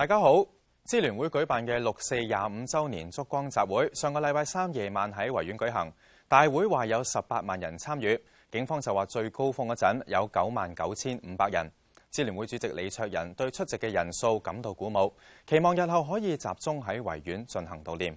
大家好，支聯會舉辦嘅六四廿五周年燭光集會上個禮拜三夜晚喺維園舉行，大會話有十八萬人參與，警方就話最高峰嗰陣有九萬九千五百人。支聯會主席李卓人對出席嘅人數感到鼓舞，期望日後可以集中喺維園進行悼念。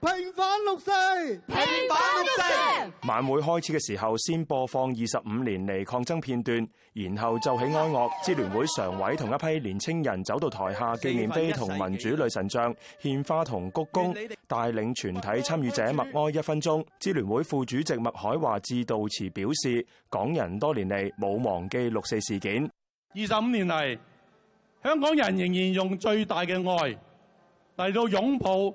平反六四，平反六四。晚會開始嘅時候，先播放二十五年嚟抗爭片段，然後就起哀樂，支聯會常委同一批年青人走到台下紀念碑同民主女神像獻花同鞠躬，帶領全體參與者默哀一分鐘。支聯會副主席麥海華致悼詞表示，港人多年嚟冇忘記六四事件，二十五年嚟，香港人仍然用最大嘅愛嚟到擁抱。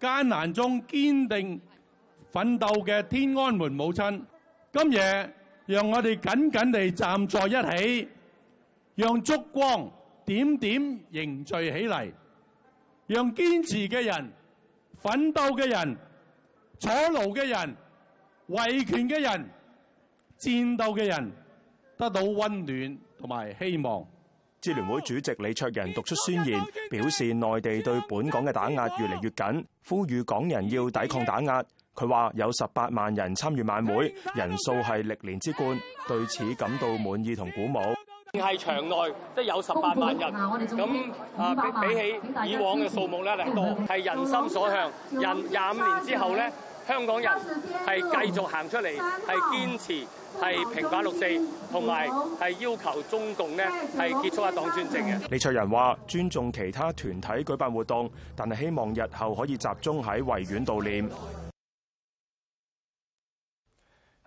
艱難中堅定奮鬥嘅天安門母親，今夜讓我哋緊緊地站在一起，讓燭光點點凝聚起嚟，讓堅持嘅人、奮鬥嘅人、坐牢嘅人、維權嘅人、戰鬥嘅人得到溫暖同埋希望。支聯會主席李卓人讀出宣言，表示內地對本港嘅打壓越嚟越緊，呼籲港人要抵抗打壓。佢話有十八萬人參與晚會，人數係歷年之冠，對此感到滿意同鼓舞。喺場內即有十八萬人，咁啊比起以往嘅數目咧，嚟多係人心所向。人廿五年之後咧。香港人係繼續行出嚟，係堅持係平反六四，同埋係要求中共呢係結束一黨專政嘅。李卓人話尊重其他團體舉辦活動，但係希望日後可以集中喺維園悼念。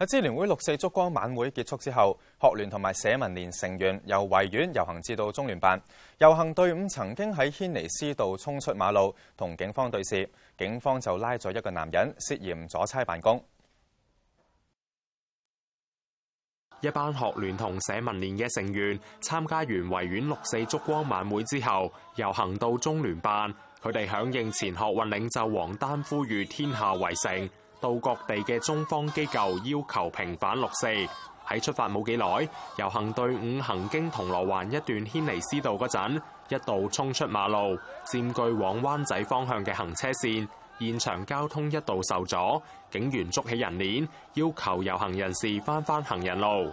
喺支聯會六四燭光晚會結束之後，學聯同埋社民連成員由維園遊行至到中聯辦，遊行隊伍曾經喺軒尼詩道衝出馬路，同警方對峙，警方就拉咗一個男人涉嫌阻差辦公。一班學聯同社民連嘅成員參加完維園六四燭光晚會之後，遊行到中聯辦，佢哋響應前學運領袖王丹呼籲，天下為成。到各地嘅中方機構要求平反六四。喺出發冇幾耐，遊行隊伍行經銅鑼灣一段軒尼詩道嗰陣，一度衝出馬路，佔據往灣仔方向嘅行車線，現場交通一度受阻。警員捉起人鏈，要求遊行人士翻返行人路。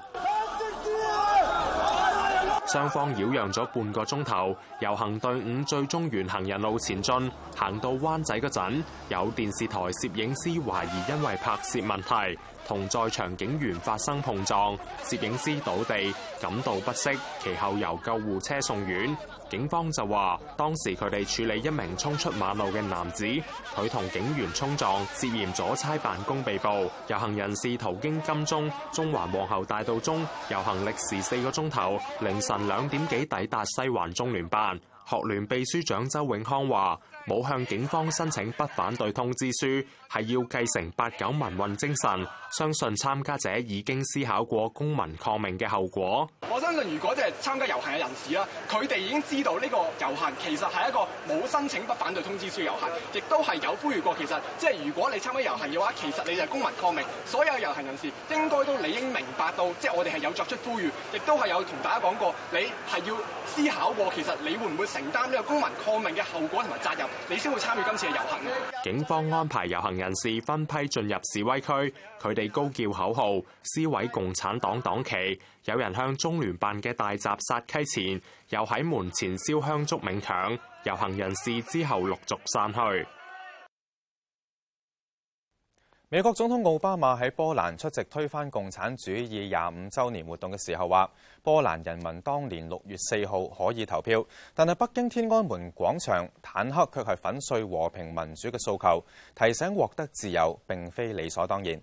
雙方擾攘咗半個鐘頭，遊行隊伍最終沿行人路前進，行到灣仔嗰陣，有電視台攝影師懷疑因為拍攝問題，同在場警員發生碰撞，攝影師倒地，感到不適，其後由救護車送院。警方就話，當時佢哋處理一名衝出馬路嘅男子，佢同警員衝撞，涉嫌阻差辦公被捕。遊行人士途經金鐘、中環皇后大道中，遊行歷時四個鐘頭，凌晨兩點幾抵達西環中聯辦。學聯秘書長周永康話，冇向警方申請不反對通知書，係要繼承八九民運精神。相信參加者已經思考過公民抗命嘅後果。我相信，如果即係參加遊行嘅人士啦，佢哋已經知道呢個遊行其實係一個冇申請不反對通知書遊行，亦都係有呼籲過。其實即係如果你參加遊行嘅話，其實你就公民抗命。所有遊行人士應該都理應明白到，即係我哋係有作出呼籲，亦都係有同大家講過，你係要思考過，其實你會唔會承擔呢個公民抗命嘅後果同埋責任。你先會參與今次嘅遊行。警方安排遊行人士分批進入示威區，佢哋高叫口號，撕毀共產黨黨旗，有人向中聯辦嘅大閘撒溪錢，又喺門前燒香燭冥鏹。遊行人士之後陸續散去。美國總統奧巴馬喺波蘭出席推翻共產主義廿五周年活動嘅時候話：波蘭人民當年六月四號可以投票，但係北京天安門廣場坦克卻係粉碎和平民主嘅訴求，提醒獲得自由並非理所當然。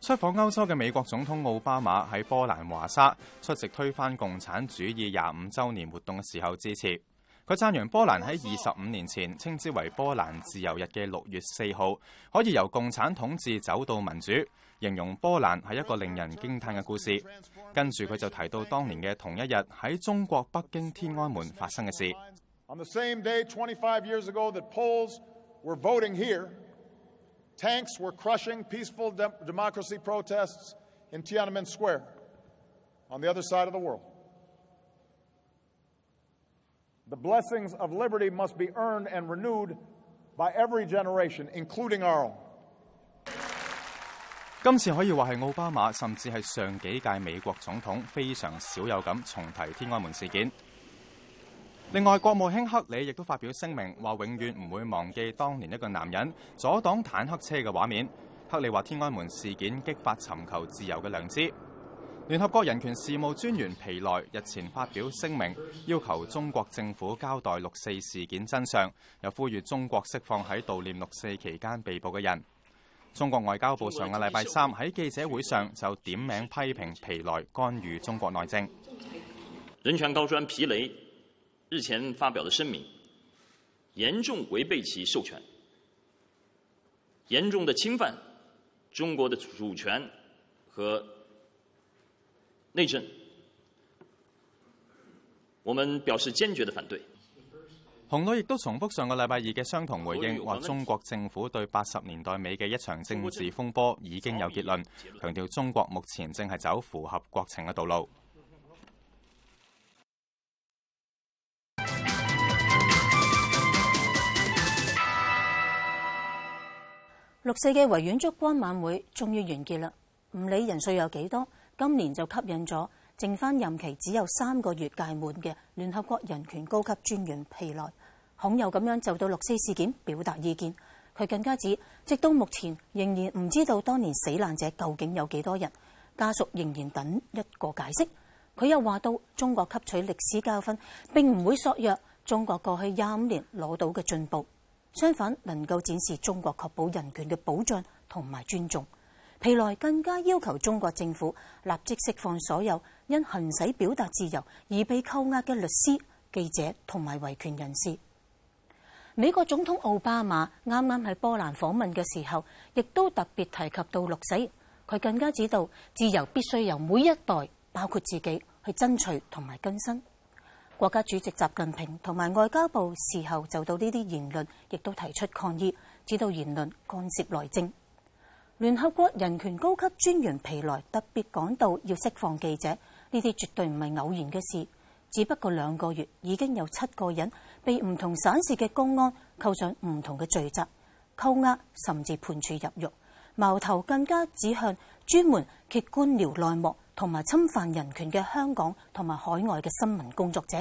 出訪歐洲嘅美國總統奧巴馬喺波蘭華沙出席推翻共產主義廿五周年活動嘅時候致辭。佢讚揚波蘭喺二十五年前稱之為波蘭自由日嘅六月四號，可以由共產統治走到民主，形容波蘭係一個令人驚嘆嘅故事。跟住佢就提到當年嘅同一日喺中國北京天安門發生嘅事。On the same day, 25 years ago, that Poles were voting here, tanks were crushing peaceful democracy protests in Tiananmen Square, on the other side of the world. The blessings of liberty must be earned and renewed by every generation, including our own. 今次可以話係奧巴馬，甚至係上幾屆美國總統非常少有咁重提天安門事件。另外，國務卿克里亦都發表聲明，話永遠唔會忘記當年一個男人阻擋坦克車嘅畫面。克里話，天安門事件激發尋求自由嘅良知。聯合國人權事務專員皮萊日前發表聲明，要求中國政府交代六四事件真相，又呼籲中國釋放喺悼念六四期間被捕嘅人。中國外交部上個禮拜三喺記者會上就點名批評皮萊干預中國內政。人權高專皮萊日前發表的聲明，嚴重違背其授權，嚴重的侵犯中國的主權和內政，我們表示堅決的反對。洪磊亦都重複上個禮拜二嘅相同回應，話中國政府對八十年代尾嘅一場政治風波已經有結論，強調中國目前正係走符合國情嘅道路。六四嘅維園燭光晚會終於完結啦，唔理人數有幾多。今年就吸引咗剩翻任期只有三個月屆滿嘅聯合國人權高級專員皮萊孔又咁樣就到六四事件表達意見，佢更加指，直到目前仍然唔知道當年死難者究竟有幾多人，家屬仍然等一個解釋，佢又話到，中國吸取歷史教訓並唔會削弱中國過去廿五年攞到嘅進步，相反能夠展示中國確保人權嘅保障同埋尊重。皮萊更加要求中國政府立即釋放所有因行使表達自由而被扣押嘅律師、記者同埋維權人士。美國總統奧巴馬啱啱喺波蘭訪問嘅時候，亦都特別提及到六四。佢更加指出，自由必須由每一代，包括自己，去爭取同埋更新。國家主席習近平同埋外交部事後就到呢啲言論，亦都提出抗議，指到言論干涉內政。聯合國人權高級專員皮萊特別講到要釋放記者，呢啲絕對唔係偶然嘅事。只不過兩個月已經有七個人被唔同省市嘅公安扣上唔同嘅罪責、扣押，甚至判處入獄。矛頭更加指向專門揭官僚內幕同埋侵犯人權嘅香港同埋海外嘅新聞工作者。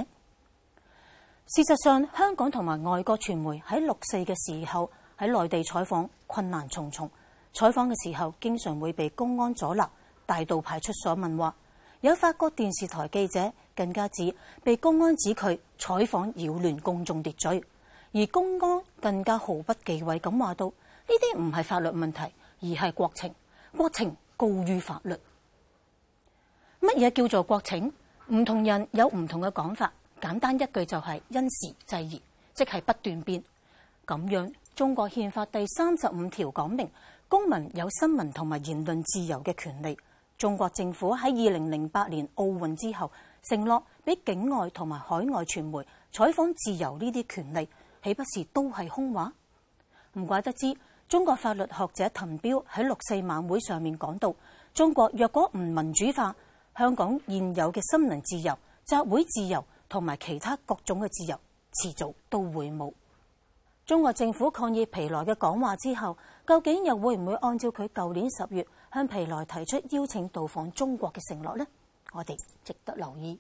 事實上，香港同埋外國傳媒喺六四嘅時候喺內地採訪困難重重。採訪嘅時候，經常會被公安阻撓，帶到派出所問話。有法國電視台記者更加指被公安指佢採訪擾亂公眾秩序，而公安更加毫不忌諱咁話到：呢啲唔係法律問題，而係國情，國情高於法律。乜嘢叫做國情？唔同人有唔同嘅講法。簡單一句就係因時制宜，即係不斷變。咁樣，中國憲法第三十五條講明。公民有新聞同埋言論自由嘅權利。中國政府喺二零零八年奧運之後，承諾俾境外同埋海外傳媒採訪自由呢啲權利，豈不是都係空話？唔怪得知，中國法律學者滕彪喺六四晚會上面講到：中國若果唔民主化，香港現有嘅新聞自由、集會自由同埋其他各種嘅自由，遲早都會冇。中國政府抗議皮萊嘅講話之後，究竟又會唔會按照佢舊年十月向皮萊提出邀請到訪中國嘅承諾呢？我哋值得留意。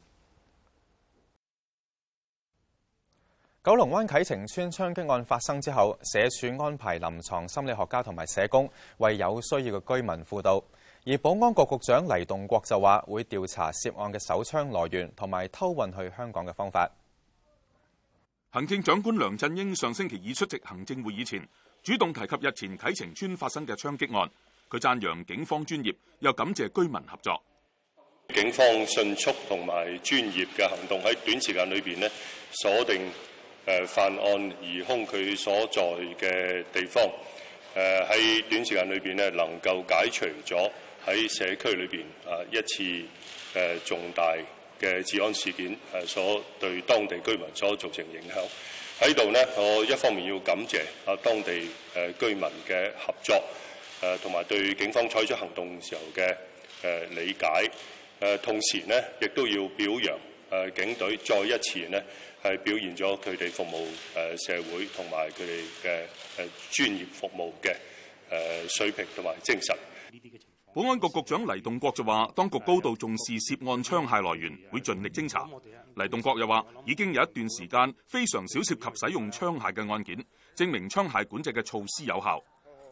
九龍灣啟晴邨槍擊案發生之後，社署安排臨床心理學家同埋社工為有需要嘅居民輔導，而保安局局長黎棟國就話會調查涉案嘅手槍來源同埋偷運去香港嘅方法。行政長官梁振英上星期二出席行政會議前，主動提及日前啟晴邨發生嘅槍擊案。佢讚揚警方專業，又感謝居民合作。警方迅速同埋專業嘅行動，喺短時間裏邊咧鎖定誒犯案疑凶佢所在嘅地方。誒喺短時間裏邊咧能夠解除咗喺社區裏邊誒一次誒重大嘅治安事件，誒所對當地居民所造成影響。喺度呢，我一方面要感謝啊當地誒居民嘅合作，誒同埋對警方採取行動時候嘅誒理解，誒同時呢，亦都要表揚誒警隊再一次呢，係表現咗佢哋服務誒社會同埋佢哋嘅誒專業服務嘅誒水平同埋精神。保安局局長黎棟國就話，當局高度重視涉案槍械來源，會盡力偵查。黎棟國又話，已經有一段時間非常少涉及使用槍械嘅案件，證明槍械管制嘅措施有效。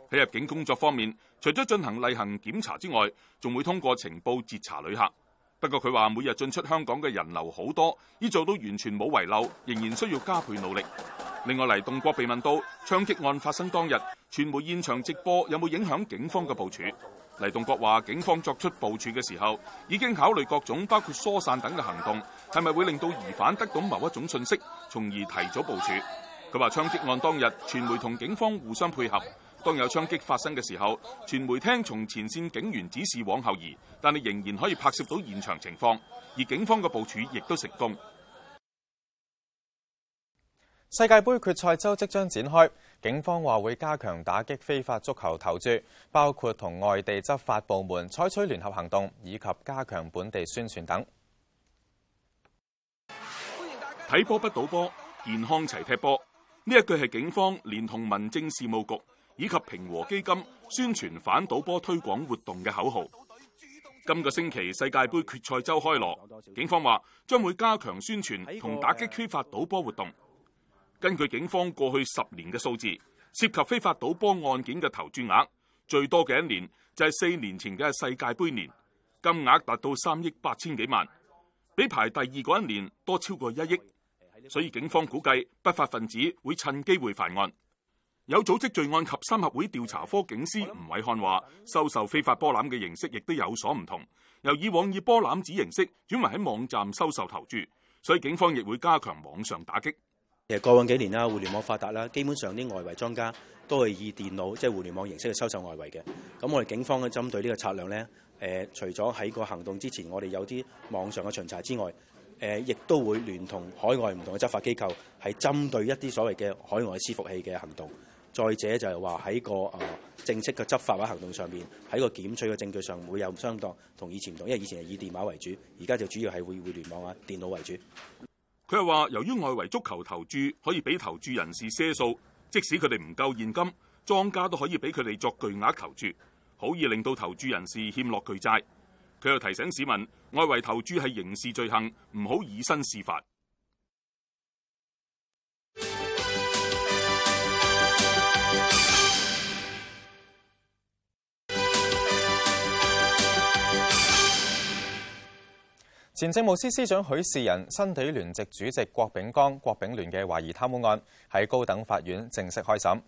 喺入境工作方面，除咗進行例行檢查之外，仲會通過情報截查旅客。不過佢話，每日進出香港嘅人流好多，要做到完全冇遺漏，仍然需要加倍努力。另外，黎棟國被問到槍擊案發生當日，傳媒現場直播有冇影響警方嘅部署？黎棟國話：警方作出部署嘅時候，已經考慮各種包括疏散等嘅行動，係咪會令到疑犯得到某一種信息，從而提早部署？佢話槍擊案當日，傳媒同警方互相配合，當有槍擊發生嘅時候，傳媒聽從前線警員指示往後移，但係仍然可以拍攝到現場情況，而警方嘅部署亦都成功。世界杯決賽周即將展開。警方話會加強打擊非法足球投注，包括同外地執法部門採取聯合行動，以及加強本地宣傳等。睇波不賭波，健康齊踢波，呢一句係警方連同民政事務局以及平和基金宣傳反賭波推廣活動嘅口號。今個星期世界盃決賽週開鑼，警方話將會加強宣傳同打擊非法賭波活動。根據警方過去十年嘅數字，涉及非法賭波案件嘅投注額最多嘅一年就係、是、四年前嘅世界盃年，金額達到三億八千幾萬，比排第二嗰一年多超過一億。所以警方估計不法分子會趁機會犯案。有組織罪案及三合會調查科警司吳偉漢話，收受非法波纜嘅形式亦都有所唔同，由以往以波纜紙形式轉為喺網站收受投注，所以警方亦會加強網上打擊。其實過往幾年啦，互聯網發達啦，基本上啲外圍莊家都係以電腦即係互聯網形式去收售外圍嘅。咁我哋警方嘅針對呢個策略呢，誒、呃，除咗喺個行動之前，我哋有啲網上嘅巡查之外，呃、亦都會聯同海外唔同嘅執法機構，係針對一啲所謂嘅海外伺服器嘅行動。再者就係話喺個啊正式嘅執法或行動上面，喺個檢取嘅證據上會有相當同以前唔同，因為以前係以電話為主，而家就主要係會互聯網啊電腦為主。佢又話：由於外圍足球投注可以俾投注人士賒數，即使佢哋唔夠現金，莊家都可以俾佢哋作巨額投注，好易令到投注人士欠落巨債。佢又提醒市民，外圍投注係刑事罪行，唔好以身試法。前政務司司長許仕仁、新地聯席主席郭炳江、郭炳聯嘅懷疑貪污案喺高等法院正式開審。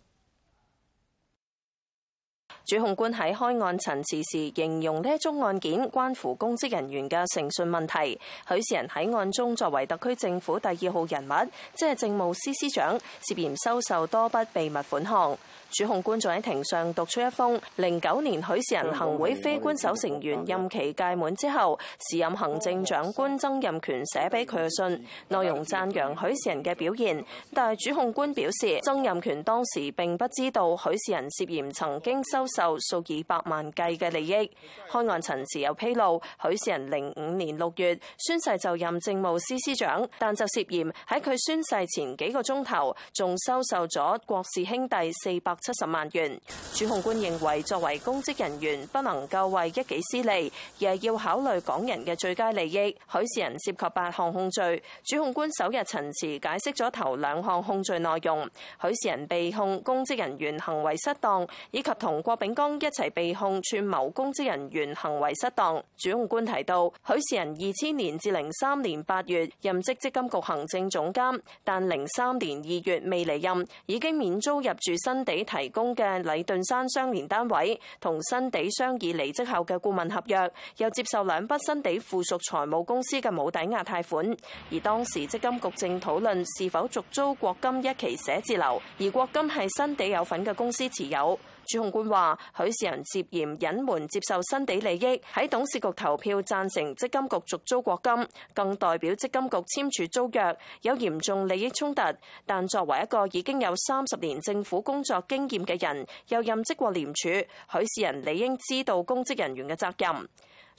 主控官喺開案陳詞時形容呢宗案件關乎公職人員嘅誠信問題。許仕仁喺案中作為特區政府第二號人物，即係政務司司長，涉嫌收受多筆秘密款項。主控官仲喺庭上讀出一封09年許仕仁行會非官守成員任期屆滿之後，時任行政長官曾蔭權寫俾佢嘅信，內容讚揚許仕仁嘅表現。但主控官表示，曾蔭權當時並不知道許仕仁涉嫌曾經收受數以百萬計嘅利益。開案陳詞有披露，許仕仁零五年六月宣誓就任政務司司長，但就涉嫌喺佢宣誓前幾個鐘頭，仲收受咗郭氏兄弟四百七十萬元，主控官認為作為公職人員不能夠為一己私利，而係要考慮港人嘅最佳利益。許仕仁涉及八項控罪，主控官首日陳詞解釋咗頭兩項控罪內容。許仕仁被控公職人員行為失當，以及同郭炳江一齊被控串謀公職人員行為失當。主控官提到，許仕仁二千年至零三年八月任職積金局行政總監，但零三年二月未離任，已經免租入住新地。提供嘅禮頓山相連單位，同新地商議離職後嘅顧問合約，又接受兩筆新地附屬財務公司嘅冇抵押貸款，而當時積金局正討論是否續租國金一期寫字樓，而國金係新地有份嘅公司持有。主控官話：許仕仁涉嫌隱瞞接受新地利益，喺董事局投票贊成積金局續租國金，更代表積金局簽署租約，有嚴重利益衝突。但作為一個已經有三十年政府工作經驗嘅人，又任職過廉署，許仕仁理應知道公職人員嘅責任。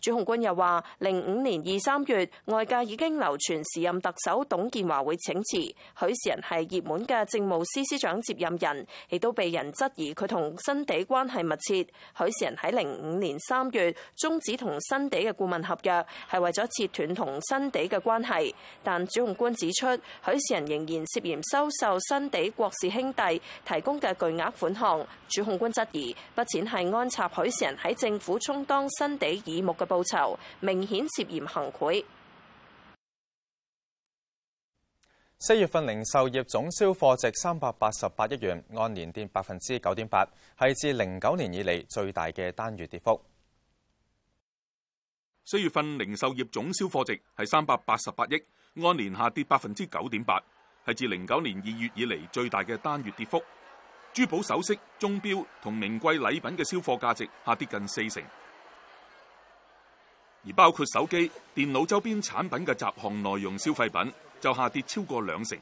主控官又話：零五年二三月，外界已經流傳時任特首董建華會請辭，許仕仁係熱門嘅政務司司長接任人，亦都被人質疑佢同新地關係密切。許仕仁喺零五年三月終止同新地嘅顧問合約，係為咗切斷同新地嘅關係。但主控官指出，許仕仁仍然涉嫌收受新地郭氏兄弟提供嘅巨額款項。主控官質疑，筆錢係安插許仕仁喺政府充當新地耳目嘅。報酬明顯涉嫌行賄。四月份零售業總銷貨值三百八十八億元，按年跌百分之九點八，係自零九年以嚟最大嘅單月跌幅。四月份零售業總銷貨值係三百八十八億，按年下跌百分之九點八，係自零九年二月以嚟最大嘅單月跌幅。珠寶首飾、鐘表同名貴禮品嘅銷貨價值下跌近四成。而包括手機、電腦周邊產品嘅雜項耐用消費品就下跌超過兩成。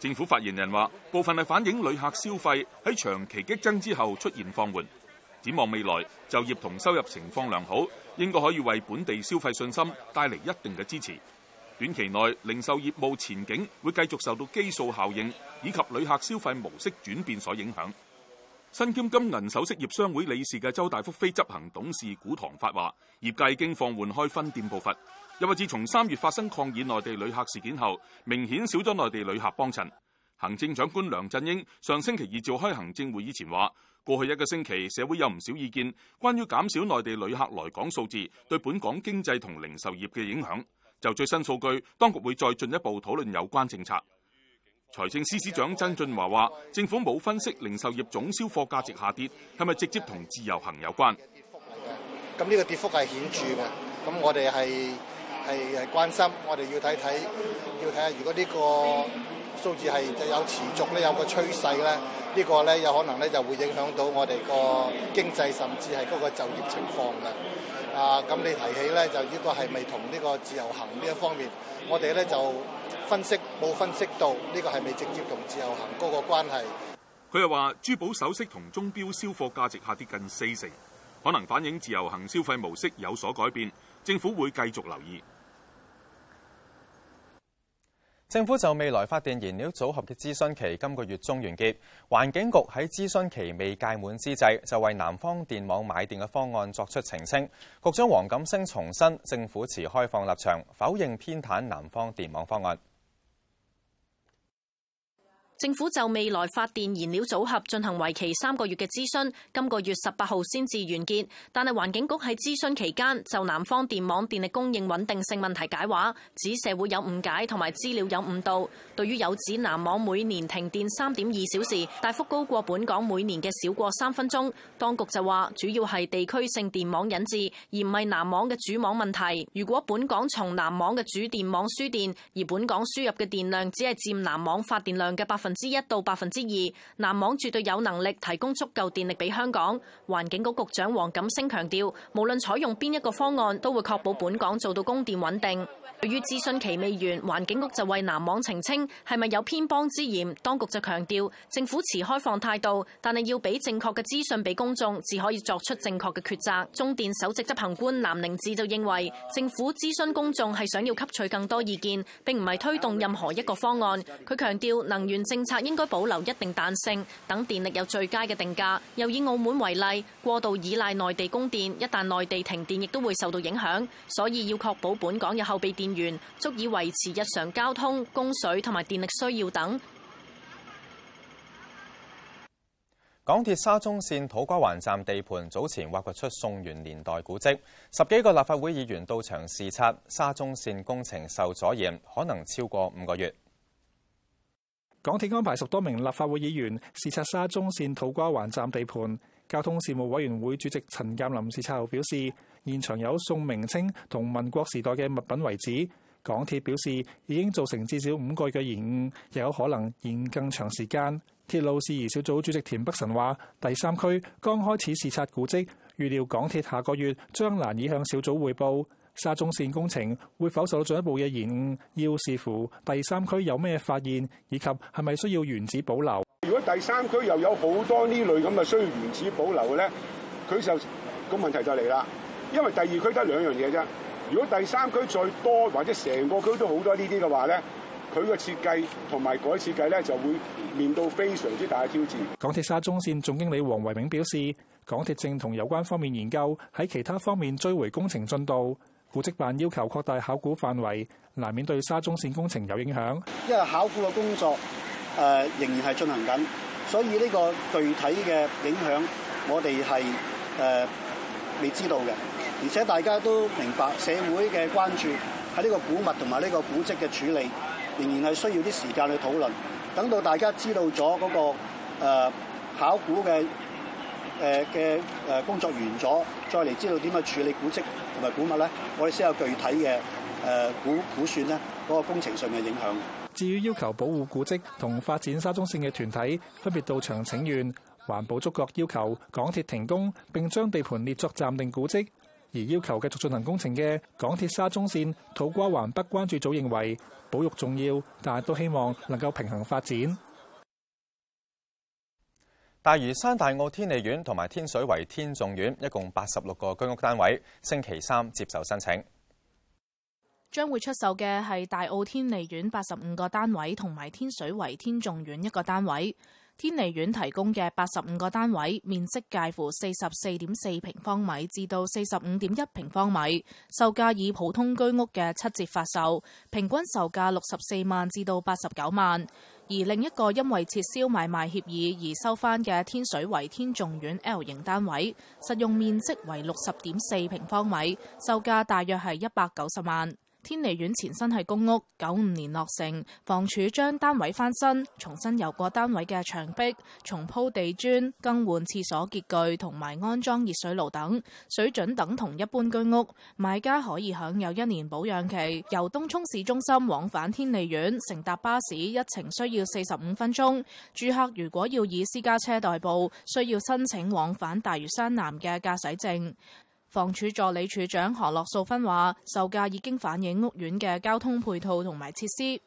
政府發言人話：部分係反映旅客消費喺長期激增之後出現放緩。展望未來，就業同收入情況良好，應該可以為本地消費信心帶嚟一定嘅支持。短期內，零售業務前景會繼續受到基數效應以及旅客消費模式轉變所影響。身兼金銀首飾業商會理事嘅周大福非執行董事古唐發話：業界已經放緩開分店步伐，又話自從三月發生抗議內地旅客事件後，明顯少咗內地旅客幫襯。行政長官梁振英上星期二召開行政會議前話：過去一個星期社會有唔少意見，關於減少內地旅客來港數字對本港經濟同零售業嘅影響。就最新數據，當局會再進一步討論有關政策。財政司司長曾俊華話，政府冇分析零售業總銷貨價值下跌係咪直接同自由行有關。咁呢個跌幅係顯著嘅，咁我哋係係係關心，我哋要睇睇，要睇下如果呢個數字係有持續咧，有個趨勢咧，呢個咧有可能咧就會影響到我哋個經濟，甚至係嗰個就業情況嘅。啊！咁你提起咧，就呢個係咪同呢個自由行呢一方面，我哋咧就分析冇分析到呢個係咪直接同自由行嗰個關係，佢又話珠寶首飾同鐘錶銷貨價值下跌近四成，可能反映自由行消費模式有所改變，政府會繼續留意。政府就未來發電燃料組合嘅諮詢期今個月中完結，環境局喺諮詢期未屆滿之際，就為南方電網買電嘅方案作出澄清。局長黃錦星重申，政府持開放立場，否認偏袒南方電網方案。政府就未來發電燃料組合進行為期三個月嘅諮詢，今個月十八號先至完結。但係環境局喺諮詢期間就南方電網電力供應穩定性問題解話，指社會有誤解同埋資料有誤導。對於有指南網每年停電三點二小時，大幅高過本港每年嘅少過三分鐘，當局就話主要係地區性電網引致，而唔係南網嘅主網問題。如果本港從南網嘅主電網輸電，而本港輸入嘅電量只係佔南網發電量嘅百分之一到百分之二，南網絕對有能力提供足夠電力俾香港。環境局局長黃錦星強調，無論採用邊一個方案，都會確保本港做到供電穩定。對於諮詢期未完，環境局就為南網澄清係咪有偏幫之嫌，當局就強調政府持開放態度，但係要俾正確嘅資訊俾公眾，至可以作出正確嘅抉擇。中電首席執行官藍寧智就認為，政府諮詢公眾係想要吸取更多意見，並唔係推動任何一個方案。佢強調能源政政策應該保留一定彈性，等電力有最佳嘅定價。又以澳門為例，過度依賴內地供電，一旦內地停電，亦都會受到影響。所以要確保本港嘅後備電源，足以維持日常交通、供水同埋電力需要等。港鐵沙中線土瓜灣站地盤早前挖掘出宋元年代古蹟，十幾個立法會議員到場視察，沙中線工程受阻延，可能超過五個月。港鐵安排十多名立法會議員視察沙中線土瓜灣站地盤，交通事務委員會主席陳鑑林視察後表示，現場有宋明清同民國時代嘅物品遺址。港鐵表示已經造成至少五個月嘅延誤，亦有可能延更長時間。鐵路事宜小組主席田北辰話：第三區剛開始視察古蹟，預料港鐵下個月將難以向小組匯報。沙中綫工程會否受到進一步嘅延誤，要視乎第三區有咩發現，以及係咪需要原址保留，原址保留。如果第三區又有好多呢類咁嘅需要原址保留嘅咧，佢就個問題就嚟啦。因為第二區得兩樣嘢啫，如果第三區再多，或者成個區都好多呢啲嘅話咧，佢嘅設計同埋改設計咧就會面到非常之大嘅挑戰。港鐵沙中綫總經理黃維銘表示，港鐵正同有關方面研究喺其他方面追回工程進度。古蹟辦要求擴大考古範圍，難免對沙中綫工程有影響。因為考古嘅工作，誒、呃、仍然係進行緊，所以呢個具體嘅影響，我哋係誒未知道嘅。而且大家都明白，社會嘅關注喺呢個古物同埋呢個古蹟嘅處理，仍然係需要啲時間去討論。等到大家知道咗嗰、嗰個誒、呃、考古嘅。誒嘅誒工作完咗，再嚟知道點樣處理古蹟同埋古物咧，我哋先有具體嘅誒估估算咧，嗰個工程上嘅影響。至於要求保護古蹟同發展沙中綫嘅團體，分別到場請願，環保觸覺要求港鐵停工，並將地盤列作暫定古蹟，而要求繼續進行工程嘅港鐵沙中綫土瓜灣北關注組認為保育重要，但係都希望能夠平衡發展。大嶼山大澳天利苑同埋天水圍天頌苑一共八十六個居屋單位，星期三接受申請。將會出售嘅係大澳天利苑八十五個單位同埋天水圍天頌苑一個單位。天利苑提供嘅八十五個單位，面積介乎四十四點四平方米至到四十五點一平方米，售價以普通居屋嘅七折發售，平均售價六十四萬至到八十九萬。而另一個因為撤銷買賣協議而收翻嘅天水圍天頌苑 L 型單位，實用面積為六十點四平方米，售價大約係一百九十萬。天利苑前身係公屋，九五年落成，房署將單位翻新，重新油過單位嘅牆壁，重鋪地磚，更換廁所潔具同埋安裝熱水爐等，水準等同一般居屋。買家可以享有一年保養期。由東涌市中心往返天利苑，乘搭巴士一程需要四十五分鐘。住客如果要以私家車代步，需要申請往返大嶼山南嘅駕駛證。房署助理署長何樂素芬話，售價已經反映屋苑嘅交通配套同埋設施。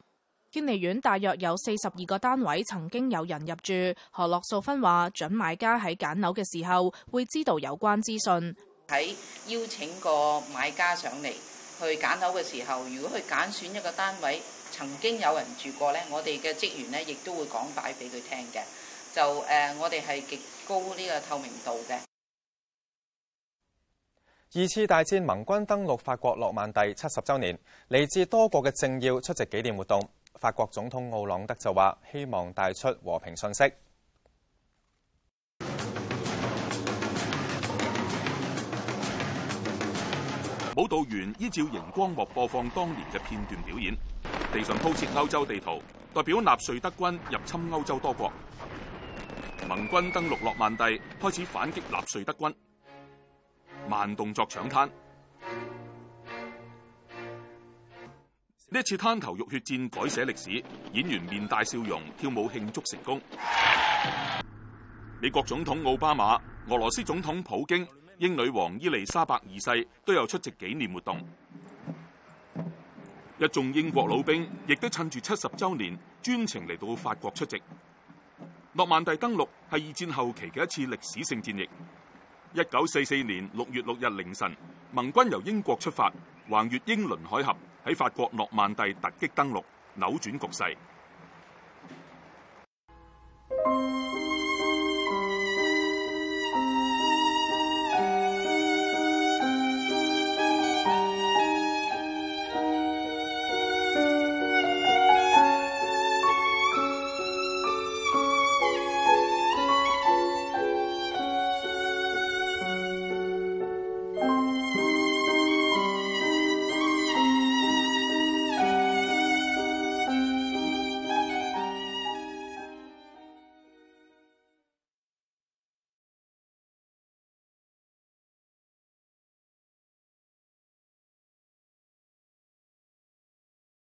天利苑大約有四十二個單位曾經有人入住。何樂素芬話，準買家喺揀樓嘅時候會知道有關資訊。喺邀請個買家上嚟去揀樓嘅時候，如果佢揀選，選一個單位曾經有人住過呢，我哋嘅職員呢，亦都會講解俾佢聽嘅。就誒、呃，我哋係極高呢個透明度嘅。二次大戰盟軍登陸法國諾曼第七十週年，嚟自多國嘅政要出席紀念活動。法國總統奧朗德就話：希望帶出和平訊息。舞蹈員依照熒光幕播放當年嘅片段表演，地上鋪設歐洲地圖，代表納粹德軍入侵歐洲多國。盟軍登陸諾曼第，開始反擊納粹德軍。慢動作搶灘，呢次灘頭浴血戰改寫歷史，演員面帶笑容跳舞慶祝成功。美國總統奧巴馬、俄羅斯總統普京、英女王伊麗莎白二世都有出席紀念活動。一眾英國老兵亦都趁住七十周年專程嚟到法國出席。諾曼第登陸係二戰後期嘅一次歷史性戰役。一九四四年六月六日凌晨，盟軍由英國出發，橫越英倫海峽，喺法國諾曼第突擊登陸，扭轉局勢。